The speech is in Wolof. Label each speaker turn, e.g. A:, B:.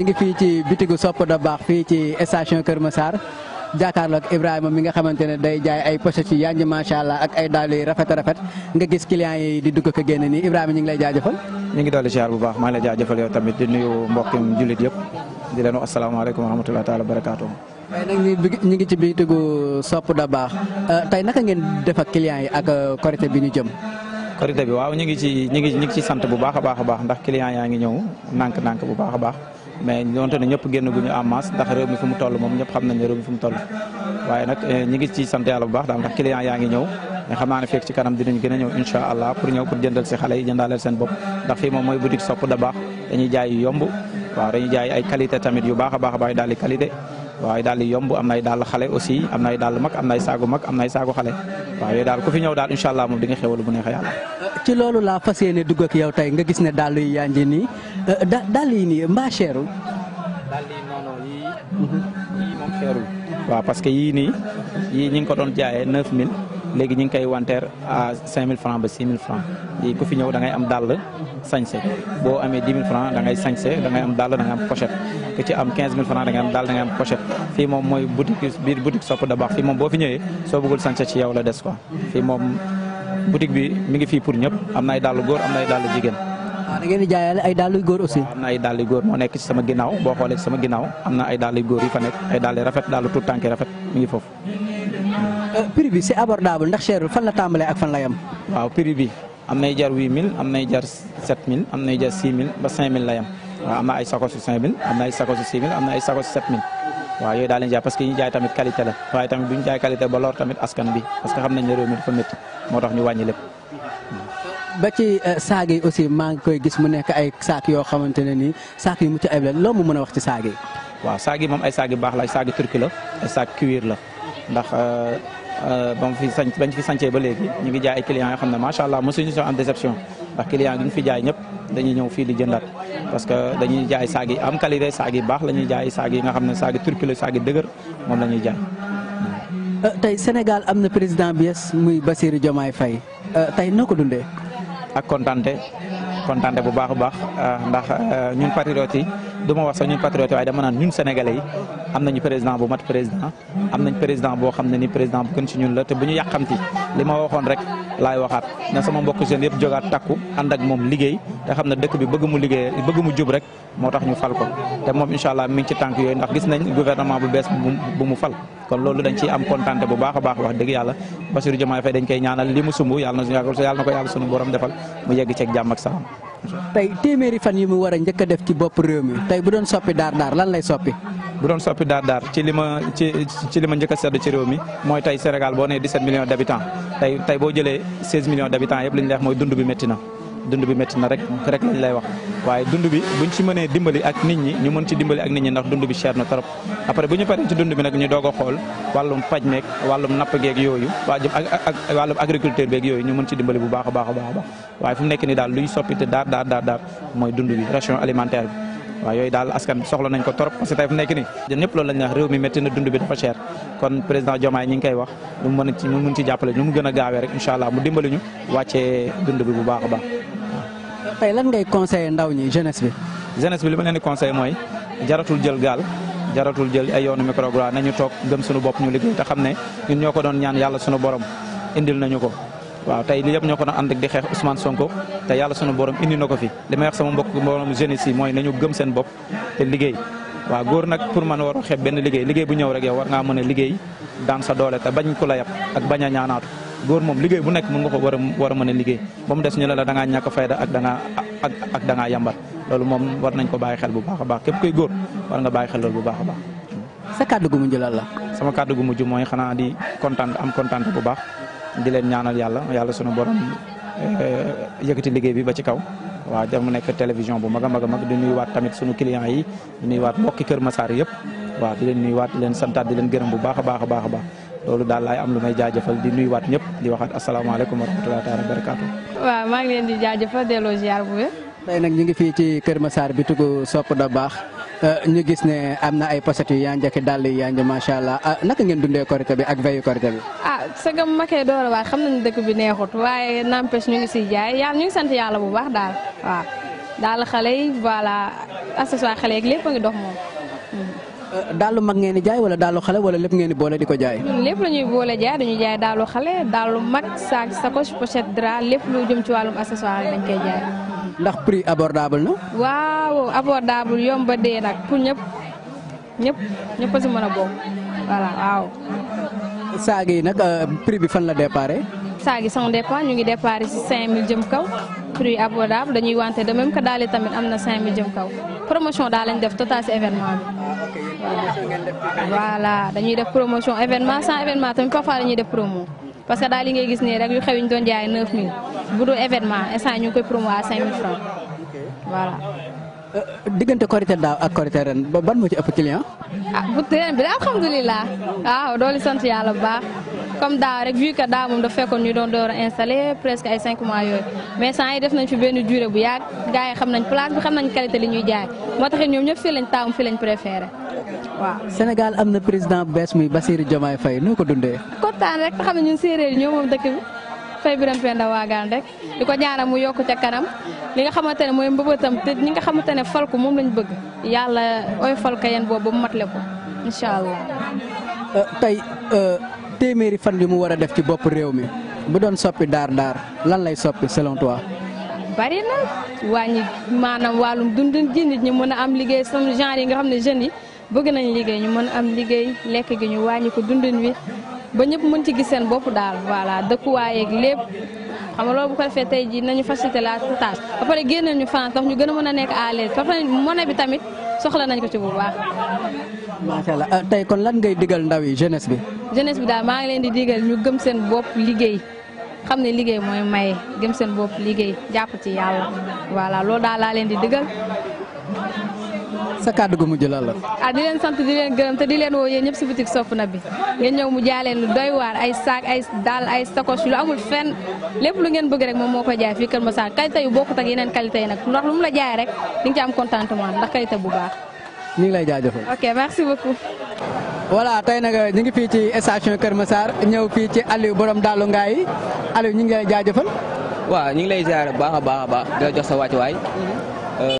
A: ngi fi ci bitigu sopp da bax fi ci station keur Massar jàkkaarloog Ibrahima mi nga xamantene day jaay ay pochette yu machallah ak ay dalu rafet rafet nga gis client yi di dugg ko genn ni Ibrahima ñi ngi lay
B: jaajeufal ñi ngi dolli ziar bu baax ma lay jaajeufal yow tamit di nuyu mbokkum julit yëpp di leen wax alaykum wa rahmatullahi taala barakaatu.
A: waaye ngi ci bitigu sopp da bax euh, tay naka ngeen def ak client yi ak euh, korité bi ñu jëm.
B: korité bi waaw ñi ngi ci ñi ngi ci sante bu baaxa baaxa baax ndax client yaangi ñew nank nank bu baaxa baax mais donte ne ñëpp génn gu ñu en masse ndax réew mi mu toll moom ñëpp xam nañ ne réew mi fu mu toll waaye nag eh, ñi ngi ci sant yàlla bu baax daal ndax client yaa ngi ñëw mais xam naa ne fekk ci kanam dinañ gën a ñëw incha allah pour ñëw pour jëndal si xale yi jëndaaleel seen bopp ndax fii moom mooy boutique sopp da baax dañuy jaay yu yomb waaw dañuy jaay ay qualité tamit yu baax a baax a baax daal di qualité waaw daal daal yomb am na ay daal xale aussi am na ay daal mag am na ay saagu mag am na ay saagu xale waaw yooyu daal ku fi ñëw daal incha allah moom di nga xéwal bu neexee yàlla. ci
A: loolu la fas ne dugg ak yow tey nga gis ne daal yi yaa ngi nii euh, da daal yi nii mbaa cherul.
B: waaw parce que yii nii yii ñi ngi ko doon jaayee 9000. léegi ñu ngi koy wanteer à 5000 francs ba 6000 francs léegi fi ñëw ngay am dàll sañse boo amee 10 000 francs da ngay sañse da ngay am dàll da ngay am pochette ku ci am 15000 francs da ngay am dàll da am pochette fii moom mooy boutique biir boutique sopp da baax moom boo fi ñëwee soo bëggul sañse ci yow la des quoi fii moom boutique bi mi ngi fii pour ñëpp am na ay dàll góor am na ay jigéen ah, ngeen di jaayaale ay dàll yu góor aussi. am na ay dàll yu góor moo nekk ci sama ginnaaw boo xoolee ci sama ginnaaw am na ay dàll yu góor yu fa rafet dàll tuut tànk rafet mi ngi foofu
A: prix bi c'est ndax cherul fan la tàmbalee ak fan la yem.
B: waaw prix bi am nay jar 8000 am nay jar 7000 am nay jar 6000 ba 5000 la yem waaw am na ay sacoche yu 5000 am na ay sacoche yu 6000 am na ay sacoche yu 7000. waaw yooyu daal leen jaay parce que ñu jaay tamit qualité la bu ñu jaay qualité ba lor tamit askan bi parce que xam nañ ne réew mi dafa métti moo tax ñu wàññi lépp. ba
A: ci eh, saag aussi maa ngi koy gis mu nekk ay saak yoo xamante ne nii saak yu mucc ayib la loo mu mën
B: wax ci saag yi. waaw saag yi moom ay yu baax la ay saag yu turki la ay la eh, Euh, ba fi sanc bañ fi sancee ba léegi ñu ngi jaay ay clients yoo xam ne macha allah mosuñu soo am déception ndax client gi ñu fi jaay ñëpp dañuy ñëw fii di jëndaat parce que dañuy jaay saag am qualité saag yi baax la ñuy jaay saag yi nga xam ne saag yi turki la saag yi dëgër moom la ñuy jaay.
A: Euh, tey Sénégal am na président bi yes muy Bassirou Diomaye fay euh, tey noo ko dundee.
B: ak kontante kontante bu baax a baax ndax ñun patriotes yi. du ma wax sax ñun patriote waaye dama naan ñun sénégalais yi am nañu président bu mat président am nañ président boo xam ne ni président bu gën ci ñun la te bu ñu yàqamti li ma waxoon rek laay waxaat ne sama mbokk seen yëpp jógaat takku ànd ak moom liggéey te xam ne dëkk bi bëgg mu liggéey bëgg mu jub rek moo tax ñu fal ko te moom incha allah mi ci tànk yooyu ndax gis nañ gouvernement bu bees bu mu fal kon loolu dañ ciy am kontaan bu baax a baax wa dëgg yàlla Bassirou Diomaye Faye dañ koy ñaanal li mu sumb yàlla na mu yegg ceeg jàmm ak salaam
A: tey téeméeri fan yi mu war a njëkk def ci bopp réew mi tey bu doon soppi daar daar lan lay soppi.
B: bu doon soppi daar daar ci li ma ci ci li ma njëkk a sedd ci réew mi mooy tey Sénégal boo ne 17 millions d' habitants tey tey boo jëlee 16 millions d' habitants yëpp li ñu mooy dund bi métti na. Dundu bi metti na rek rek lañ lay wax waye dundu bi buñ ci mëne dimbali ak nit ñi ñu mën ci dimbali ak nit ñi ndax dundu bi cher na trop après buñu paré ci dundu bi nak ñu dogo xol walum paj meeg wàllum napp geeg jëm ak ak agriculteur beek yoyu ñu mën ci dimbali bu baax baax baax baax fu nekk ni dal luy soppite dar dar dar dar moy dundu bi ration alimentaire bi waaw askan soxla nañ ko torop parce que tay fu nekk ni ñepp loolu lañ wax rew mi metti na dundu bi dafa cher kon président jomay ñi ngi koy wax lu mën ci mu mën ci jappalé ñu mu gëna gaawé rek inshallah allah mu dimbali ñu wacce dundu bi bu baax
A: tey lan ngay conseiller ndaw ñi jeunesse bi.
B: jeunesse bi li ma leen di conseiller mooy jaratul jël gaal. jaratul jël ay yoonu micro nañu na ñu toog gëm suñu bopp ñu liggéey te xam ne ñun ñoo ko doon ñaan yàlla suñu borom indil nañu ko waa tey li yëpp ñooko ko doon ànd ak di xeex Ousmane Sonko te yàlla suñu borom indi na ko fi li may wax sama mbokk mboolem jeunesse yi mooy nañu gëm seen bopp te liggéey waaw góor nag pour man waroo xeeb benn liggéey liggéey bu ñëw rek yow war ngaa mën a liggéey daan sa doole te bañ ku la yab ak bañ a góor mom liggey bu nek mën nga ko wara a war a mën a ñu la da nga ñak fayda ak da nga ak ak da nga yambar lolu mom war nañ ko baye xel bu baaxa baax kep koy góor war nga baye xel lolu bu baaxa baax. sa kaddu gu mujj lan la. sama kaddu gu ju moy xana di contente am contente bu baax di leen ñaanal yalla yalla sunu borom eh, yëkëti liggey bi ba ci kaw. wa dem nek télévision bu maga maga mag di mag di tamit sunu client yi di nuyuwaat mbokki Kër Massar yëpp wa di leen nuyuwaat di leen santat di leen gërëm bu baaxa baaxa baaxa baax lolu dal lay am lu may jaajëfal di wat ñep di assalamu alaykum wa rahmatullahi wa barakatuh
C: wa ma ngi leen di jaajëfal delloo ziar bu
A: tay nak ñu ngi fi ci Kër Massar bi tugu Sopp da bax euh, ñu gis ne amna ay pochette ya yànja dal ya yu ma sha allah euh, naka ngeen dundé korité bi ak veyu korité bi.
C: ah sa gam maké door wa waat xam nañu dëkk bi neexut waye nampes ñu ngi ci jaay yàlla ñu ngi sant yàlla bu bax dal wa dal xalé yi voilà accessoire xalé ak lepp nga dox mom
A: dalu mag ngeen jaay wala dalu xale wala lepp ngeen boole diko jaay. lepp
C: lañuy boole jaay dañuy jaay dalu xale dalu mag sac sacoche pochette dra lepp lu jëm ci walum accessoire lañ koy jaay.
A: ndax prix abordable na.
C: waaw abordable yomba dee nag pour ñëpp ñep ñep a si mën a bokk waaw.
A: saag nak euh, prix bi fan la déparé.
C: saag yi son départ ñu ngi déparé ci 5000 jëm kaw prix abordable dañuy wante de même que dalé tamit amna 5000 jëm kaw. promotion daal lañ def total si événement bi. voilà dañuy def promotion événement sans événement tamit parfois dañuy def promo. parce que daal li ngay gis nii rek yu xew yi ñu doon jaay 9000 bu dul événement instant ñu ngi koy promo à 5000 francs voilà.
A: Euh, diggante korité daaw ak korité ren ban moo ci ëpp client.
C: ah bu ren bi de alhamdulilah waaw doole sant yàlla bu baax. comme da rek vu que da moom da fekkone ñu doon door a installé presque ay 5 mois yoy mais sans yi def nañ fi benn durée bu yàgg gaay yi xam nañ place bi xam nañ qualité li ñuy jaay motax ñom ñoom fi lañ taamu fi lañ préférer waaw.
A: Sénégal amna président bu bees muy Bassirou Diomaye Faye noo ko dundee.
C: rek te xam ne ñun séeréer ñom mom dëkk bi Faye Birame Penda Waagaan rek diko ko mu yokk ca kanam li nga xamantene moy mooy te ñi nga xamante ne fal ko moom lañ bëgg yalla ooy fal ko bobu matlé ko inshallah
A: tay euh, euh téeméeri fan yi mu war a def ci bopp réew mi bu doon soppi daar daar lan lay soppi selon toi.
C: bari na wàññi maanaam wàllum dundin ji nit ñi mën a am liggéey sama genre yi nga xam ne jeunes yi bëgg nañ liggéey ñu mën am liggéey lekk gi ñu wàññi ko dundin wi ba ñëpp mën ci gis seen bopp daal voilà dëkkuwaay ak lépp. xam nga loolu bu ko defee tey jii nañu facilité la tâche ba pare génne ñu France tax ñu gën a mën a nekk à l'aise ba pare monnaie bi tamit soxla nañ ko ci bu baax.
A: macha allah euh, tey kon lan ngay digal ndaw yi jeunesse bi.
C: jeunesse bi daal maa ngi leen di digal ñu gëm seen bopp liggéey xam ne liggéey mooy maye gëm seen bopp liggéey jàpp ci yàlla voilà lool daal laa leen di digal. sa kàddu gu mujj lan la. ah di leen sant di leen gërëm te di leen woo yéen ñëpp si boutique sopp na bi ngeen ñëw mu jaay leen lu doy waar ay saak ay daal ay sacoche lu amul fenn lépp lu ngeen bëgg rek moom moo koy jaay fii Kër Massar qualité yu bokkut ak yeneen qualité yi nag ndax lu mu la jaay rek di nga ci am contentement bu baax.
A: ñu ngi lay jaajëfal.
C: ok merci beaucoup.
A: voilà tey nag ñu ngi fii ci station Kër ñëw fii ci Aliou borom Daalu Ngaay Aliou ñu ngi lay jaajëfal. waaw ñu ngi lay ziar bu baax a baax a baax di la jox sa wàccuwaay. Mm-hmm.